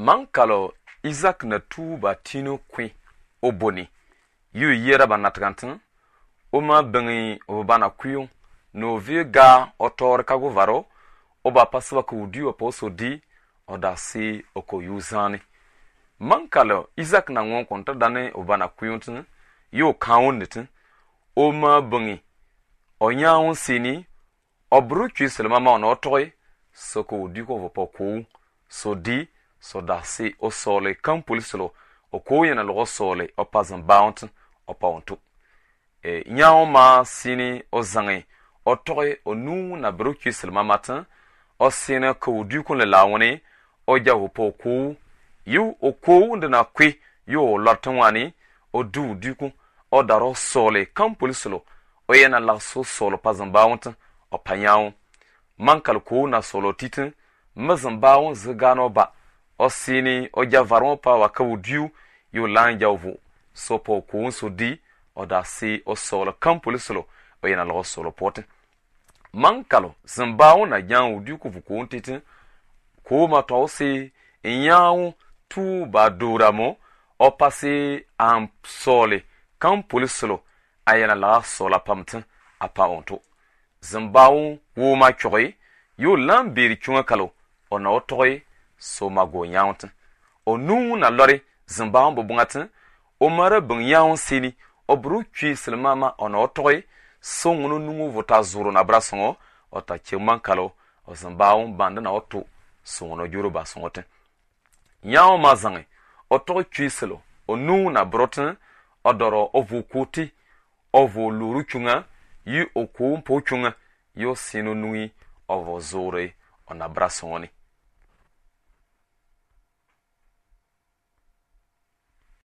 man kalo isak na tuuba tino kwe o boni yu yera ba natigantin o ma bengi o ba na kuyun na o vi ga o tor kago varo o ba pasiba ko di o poso di o da si o ko yuzani man kalo isak na ngon konta dane o ba na kuyun tin yu kawun nitin o ma bengi o nyawun sini o buru kwi selma ma na o toy so ko di ko vo po so di so dasi o sole kan polisi o ko yana logo sole o pa zan o pa onto e nyawo ma sini o zangi o toge o nu na bro ki silma matin o sini ko du kun le lawoni o ja po ko yu o ko nda na kwi yu o lortan wani o du du kun o daro sole kan polisi o yana la so sole pa zan baunt o pa nyawo mankal ko na solo titin mazan bawon zigano ba osini oja varompa wakawudiu yu lanja uvu sopo kuunsu di oda si osolo kampulisolo na logo solo pote mankalo zimbawo na nyawu udiu kuvu kuuntitin kuma tosi nyawu tu baduramo opasi amsole kampulisolo ayena laga sola pamtin apa onto zimbawo wuma kyogyi yu lan beri kyuŋa kalo ona o tɔgyi soma go yãwt o nuu na lɔre zĩn baam bo bõŋa o mara bin yãw sini o buru kwi silmama ona o tɔge sõngno nuu vota zʋro na bra sõŋɔ o ta keg man kalo o zĩn baam bãnd na o tʋ sõngno yoro ba sõŋɔ tẽ yãw ma zãŋe o tɔg kwi silo o nuu na bʋrʋ o dɔrɔ o vʋʋ kʋʋ o vʋʋ lʋʋrʋ kũŋa yi o kʋʋm pʋʋ kũŋa yi o sĩno nuŋi o vʋ zʋʋre o bra sõŋɔ ni